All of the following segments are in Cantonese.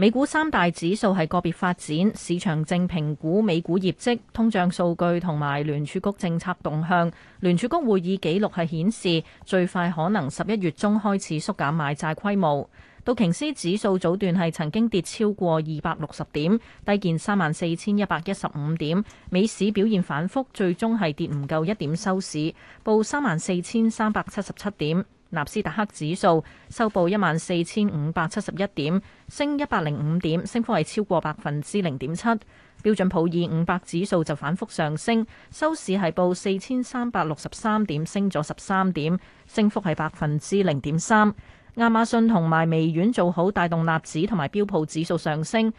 美股三大指數係個別發展，市場正評估美股業績、通脹數據同埋聯儲局政策動向。聯儲局會議紀錄係顯示，最快可能十一月中開始縮減買債規模。道瓊斯指數早段係曾經跌超過二百六十點，低見三萬四千一百一十五點。美市表現反覆，最終係跌唔夠一點收市，報三萬四千三百七十七點。納斯達克指數收報一萬四千五百七十一點，升一百零五點，升幅係超過百分之零點七。標準普爾五百指數就反覆上升，收市係報四千三百六十三點，升咗十三點，升幅係百分之零點三。亞馬遜同埋微軟做好帶動納指同埋標普指數上升。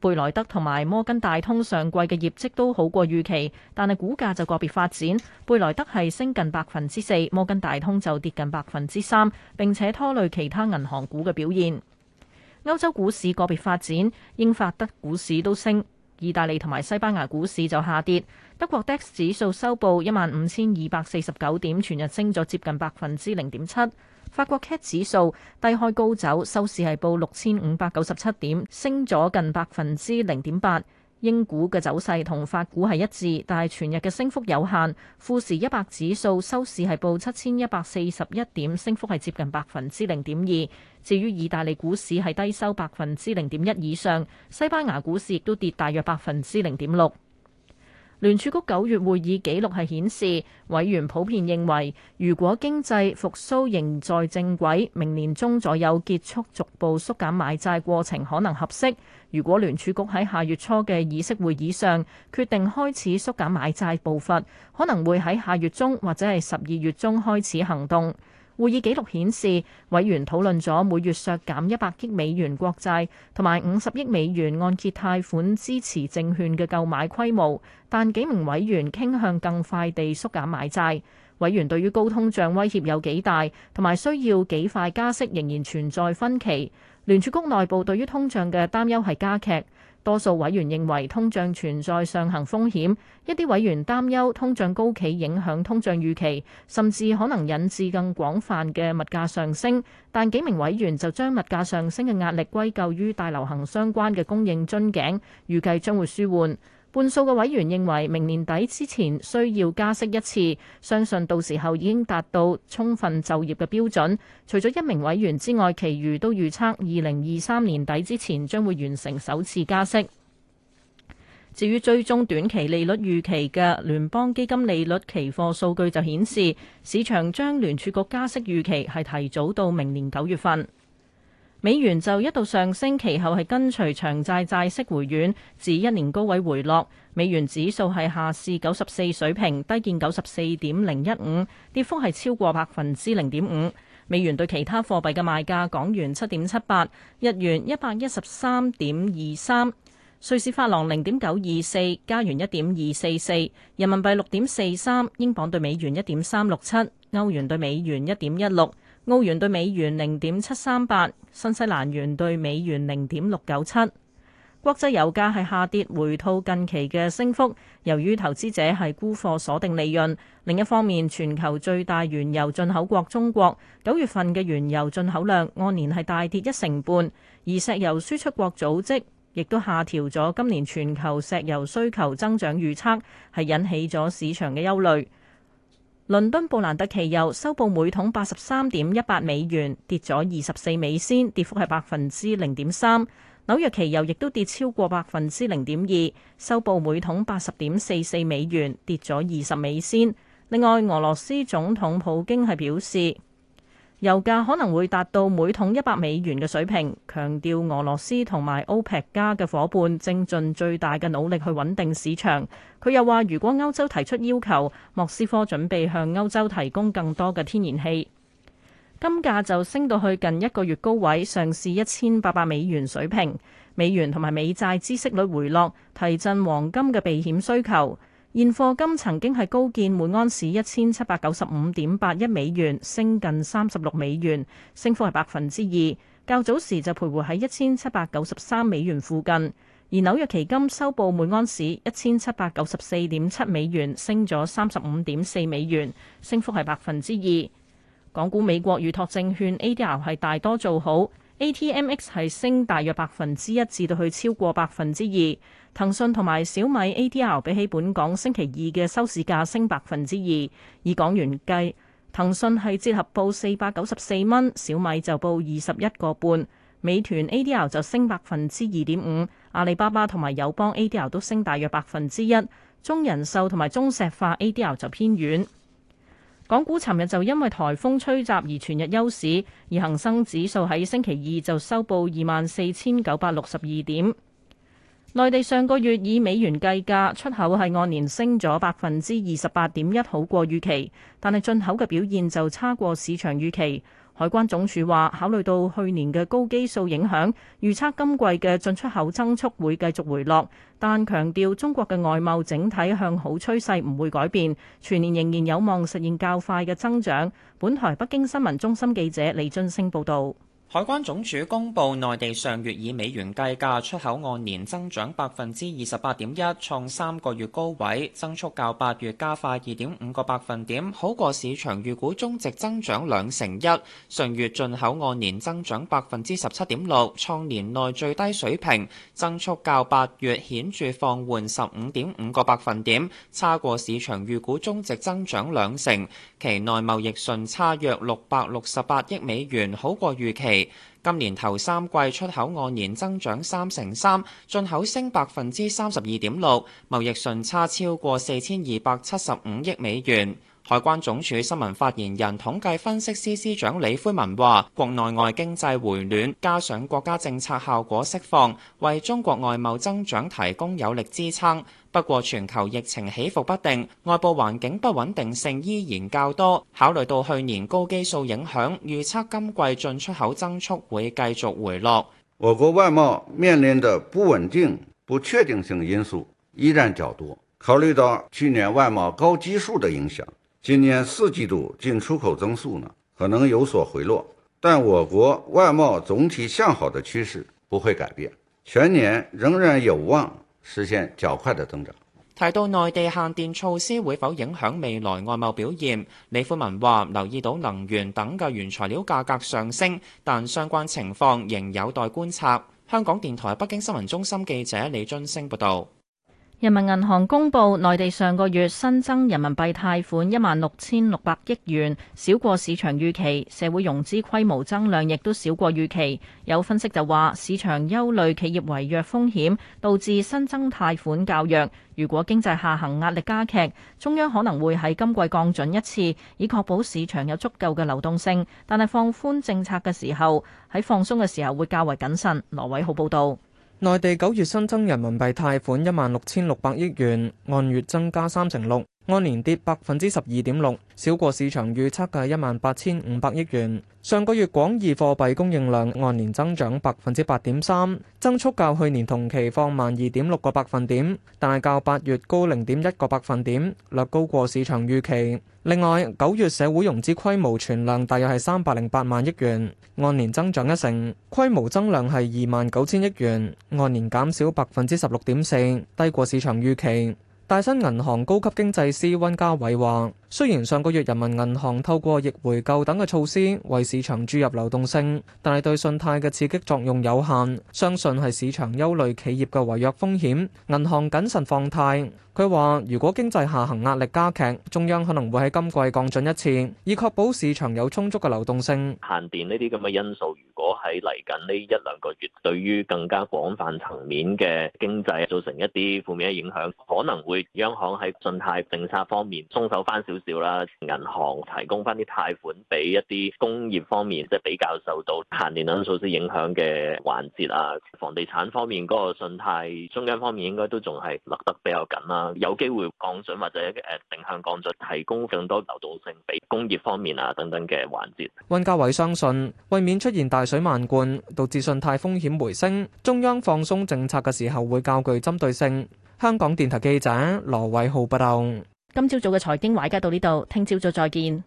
貝萊德同埋摩根大通上季嘅業績都好過預期，但係股價就個別發展。貝萊德係升近百分之四，摩根大通就跌近百分之三，並且拖累其他銀行股嘅表現。歐洲股市個別發展，英法德股市都升，意大利同埋西班牙股市就下跌。德國 DAX 指數收報一萬五千二百四十九點，全日升咗接近百分之零點七。法國 CAC 指數低開高走，收市係報六千五百九十七點，升咗近百分之零點八。英股嘅走勢同法股係一致，但係全日嘅升幅有限。富時一百指數收市係報七千一百四十一點，升幅係接近百分之零點二。至於意大利股市係低收百分之零點一以上，西班牙股市亦都跌大約百分之零點六。聯儲局九月會議記錄係顯示，委員普遍認為，如果經濟復甦仍在正軌，明年中左右結束逐步縮減買債過程可能合適。如果聯儲局喺下月初嘅議息會議上決定開始縮減買債步伐，可能會喺下月中或者係十二月中開始行動。會議記錄顯示，委員討論咗每月削減一百億美元國債同埋五十億美元按揭貸款支持證券嘅購買規模，但幾名委員傾向更快地縮減買債。委員對於高通脹威脅有幾大同埋需要幾快加息仍然存在分歧。聯儲局內部對於通脹嘅擔憂係加劇。多數委員認為通脹存在上行風險，一啲委員擔憂通脹高企影響通脹預期，甚至可能引致更廣泛嘅物價上升。但幾名委員就將物價上升嘅壓力歸咎於大流行相關嘅供應樽頸，預計將會舒緩。半數嘅委員認為明年底之前需要加息一次，相信到時候已經達到充分就業嘅標準。除咗一名委員之外，其餘都預測二零二三年底之前將會完成首次加息。至於追蹤短期利率預期嘅聯邦基金利率期貨數據就顯示，市場將聯儲局加息預期係提早到明年九月份。美元就一度上升，其後係跟隨長債債息回軟，至一年高位回落。美元指數係下試九十四水平，低見九十四點零一五，跌幅係超過百分之零點五。美元對其他貨幣嘅賣價：港元七點七八，日元一百一十三點二三，瑞士法郎零點九二四，加元一點二四四，人民幣六點四三，英鎊對美元一點三六七，歐元對美元一點一六。澳元對美元零點七三八，新西蘭元對美元零點六九七。國際油價係下跌回吐近期嘅升幅，由於投資者係沽貨鎖定利潤。另一方面，全球最大原油進口國中國九月份嘅原油進口量按年係大跌一成半，而石油輸出國組織亦都下調咗今年全球石油需求增長預測，係引起咗市場嘅憂慮。倫敦布蘭特期油收報每桶八十三點一八美元，跌咗二十四美仙，跌幅係百分之零點三。紐約期油亦都跌超過百分之零點二，收報每桶八十點四四美元，跌咗二十美仙。另外，俄羅斯總統普京係表示，油價可能會達到每桶一百美元嘅水平，強調俄羅斯同埋 OPEC 加嘅夥伴正盡最大嘅努力去穩定市場。佢又話，如果歐洲提出要求，莫斯科準備向歐洲提供更多嘅天然氣。金價就升到去近一個月高位，上試一千八百美元水平。美元同埋美債孳息率回落，提振黃金嘅避險需求。現貨金曾經係高見每安士一千七百九十五點八一美元，升近三十六美元，升幅係百分之二。較早時就徘徊喺一千七百九十三美元附近。而紐約期金收報每安士一千七百九十四點七美元，升咗三十五點四美元，升幅係百分之二。港股美國預託證券 ADR 係大多做好。ATMX 係升大約百分之一至到去超過百分之二，騰訊同埋小米 ADR 比起本港星期二嘅收市價升百分之二，以港元計，騰訊係折合報四百九十四蚊，小米就報二十一個半，美團 ADR 就升百分之二點五，阿里巴巴同埋友邦 ADR 都升大約百分之一，中人壽同埋中石化 ADR 就偏軟。港股尋日就因為颱風吹襲而全日休市，而恒生指數喺星期二就收報二萬四千九百六十二點。內地上個月以美元計價出口係按年升咗百分之二十八點一，好過預期，但係進口嘅表現就差過市場預期。海關總署話，考慮到去年嘅高基數影響，預測今季嘅進出口增速會繼續回落，但強調中國嘅外貿整體向好趨勢唔會改變，全年仍然有望實現較快嘅增長。本台北京新聞中心記者李津升報道。海關總署公布，內地上月以美元計價出口按年增長百分之二十八點一，創三個月高位，增速較八月加快二點五個百分點，好過市場預估中值增長兩成一。上月進口按年增長百分之十七點六，創年內最低水平，增速較八月顯著放緩十五點五個百分點，差過市場預估中值增長兩成。期內貿易順差約六百六十八億美元，好過預期。今年頭三季出口按年增長三成三，進口升百分之三十二點六，貿易順差超過四千二百七十五億美元。海關總署新聞發言人、統計分析司司長李魁文話，國內外經濟回暖，加上國家政策效果釋放，為中國外貿增長提供有力支撐。不過，全球疫情起伏不定，外部環境不穩定性依然較多。考慮到去年高基數影響，預測今季進出口增速會繼續回落。我國外貿面臨的不穩定、不確定性因素依然較多。考慮到去年外貿高基數的影響，今年四季度進出口增速呢，可能有所回落。但我國外貿總體向好的趨勢不會改變，全年仍然有望實現較快的增長。提到內地限電措施會否影響未來外貿表現，李富文話，留意到能源等嘅原材料價格上升，但相關情況仍有待觀察。香港電台北京新聞中心記者李津星報道。人民銀行公布，內地上個月新增人民幣貸款一萬六千六百億元，少過市場預期；社會融資規模增量亦都少過預期。有分析就話市場憂慮企業違約風險，導致新增貸款較弱。如果經濟下行壓力加劇，中央可能會喺今季降準一次，以確保市場有足夠嘅流動性。但係放寬政策嘅時候，喺放鬆嘅時候會較為謹慎。羅偉浩報道。.內地九月新增人民幣貸款一萬六千六百億元，按月增加三成六。按年跌百分之十二點六，少過市場預測嘅一萬八千五百億元。上個月廣義貨幣供應量按年增長百分之八點三，增速較去年同期放慢二點六個百分點，但係較八月高零點一個百分點，略高過市場預期。另外，九月社會融資規模存量大約係三百零八萬億元，按年增長一成，規模增量係二萬九千億元，按年減少百分之十六點四，低過市場預期。大新銀行高級經濟師温家偉話，雖然上個月人民銀行透過逆回購等嘅措施為市場注入流動性，但係對信貸嘅刺激作用有限。相信係市場憂慮企業嘅違約風險，銀行謹慎放貸。佢話，如果經濟下行壓力加劇，中央可能會喺今季降準一次，以確保市場有充足嘅流動性。限電呢啲咁嘅因素。如果係嚟緊呢一兩個月，對於更加廣泛層面嘅經濟造成一啲負面嘅影響，可能會央行喺信貸政策方面鬆手翻少少啦，銀行提供翻啲貸款俾一啲工業方面，即係比較受到限電等等措施影響嘅環節啊，房地產方面嗰個信貸中間方面應該都仲係勒得比較緊啦，有機會降準或者誒定向降準，提供更多流動性俾工業方面啊等等嘅環節。温家偉相信，為免出現大水漫灌，導致信貸風險回升。中央放鬆政策嘅時候會較具針對性。香港電台記者羅偉浩報道。今朝早嘅財經話家到呢度，聽朝早再見。